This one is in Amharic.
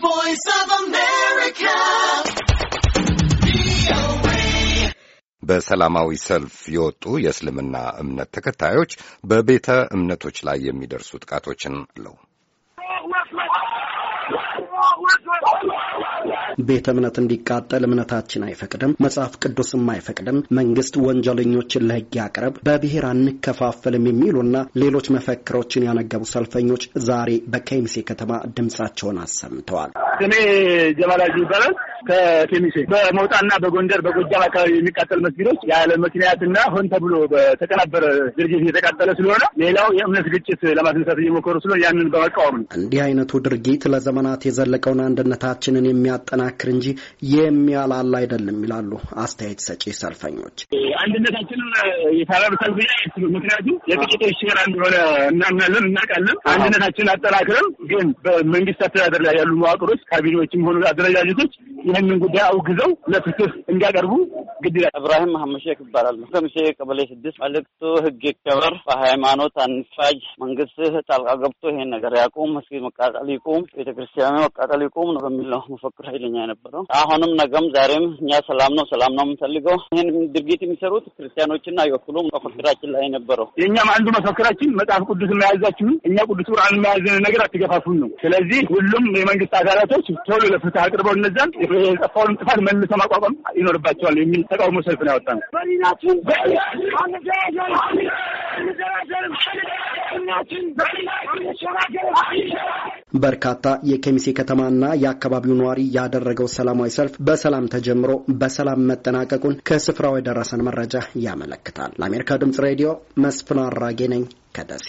Voice of America. በሰላማዊ ሰልፍ የወጡ የእስልምና እምነት ተከታዮች በቤተ እምነቶች ላይ የሚደርሱ ጥቃቶችን አለው ቤተ እምነት እንዲቃጠል እምነታችን አይፈቅድም፣ መጽሐፍ ቅዱስም አይፈቅድም፣ መንግስት ወንጀለኞችን ለህግ ያቅረብ በብሔር አንከፋፈልም የሚሉና ሌሎች መፈክሮችን ያነገቡ ሰልፈኞች ዛሬ በከሚሴ ከተማ ድምጻቸውን አሰምተዋል። እኔ ጀማላጅ ይባላል። ከኬሚሴ በመውጣና በጎንደር በጎጃም አካባቢ የሚቃጠል መስጊዶች ያለ ምክንያትና ሆን ተብሎ በተቀናበረ ድርጊት እየተቃጠለ ስለሆነ ሌላው የእምነት ግጭት ለማስነሳት እየሞከሩ ስለሆነ ያንን በመቃወም ነው። እንዲህ አይነቱ ድርጊት ለዘመናት የዘለቀውን አንድነታችንን የሚያጠናክር እንጂ የሚያላላ አይደለም ይላሉ አስተያየት ሰጪ ሰልፈኞች። አንድነታችንን የሰላም ሰልፍ ምክንያቱም የጥቂቶች ሴራ እንደሆነ እናምናለን፣ እናውቃለን። አንድነታችንን አጠናክረን ግን በመንግስት አስተዳደር ላይ ያሉ መዋቅሮች ካቢኔዎችም ሆኑ አደረጃጀቶች ይህንን ጉዳይ አውግዘው ለፍትህ እንዲያቀርቡ ግድ እብራሂም መሐመድ ሼክ ይባላል። ከምሴ ቀበሌ ስድስት መልእክቱ ህግ ይከበር፣ በሃይማኖት አንፋጅ፣ መንግስት ጣልቃ ገብቶ ይሄን ነገር ያቁም፣ መስጊድ መቃጠል ይቁም፣ ቤተክርስቲያኑ መቃጠል ይቁም ነው በሚል ነው መፈክር ኃይለኛ የነበረው። አሁንም ነገም ዛሬም እኛ ሰላም ነው ሰላም ነው የምንፈልገው። ይህን ድርጊት የሚሰሩት ክርስቲያኖችን አይወክሉም። መፈክራችን ላይ ነበረው የእኛም አንዱ መፈክራችን መጽሐፍ ቅዱስ መያዛችሁን እኛ ቅዱስ ቁርአን መያዝን ነገር አትገፋፉን ነው። ስለዚህ ሁሉም የመንግስት አካላቶች ቶሎ ለፍትህ አቅርበው እነዛን የጠፋውን ጥፋት መልሶ ማቋቋም ይኖርባቸዋል የሚል ተቃውሞ ሰልፍ ነው ያወጣ ነው። በርካታ የከሚሴ ከተማና የአካባቢው ነዋሪ ያደረገው ሰላማዊ ሰልፍ በሰላም ተጀምሮ በሰላም መጠናቀቁን ከስፍራው የደረሰን መረጃ ያመለክታል። ለአሜሪካ ድምጽ ሬዲዮ መስፍን አራጌ ነኝ ከደሴ።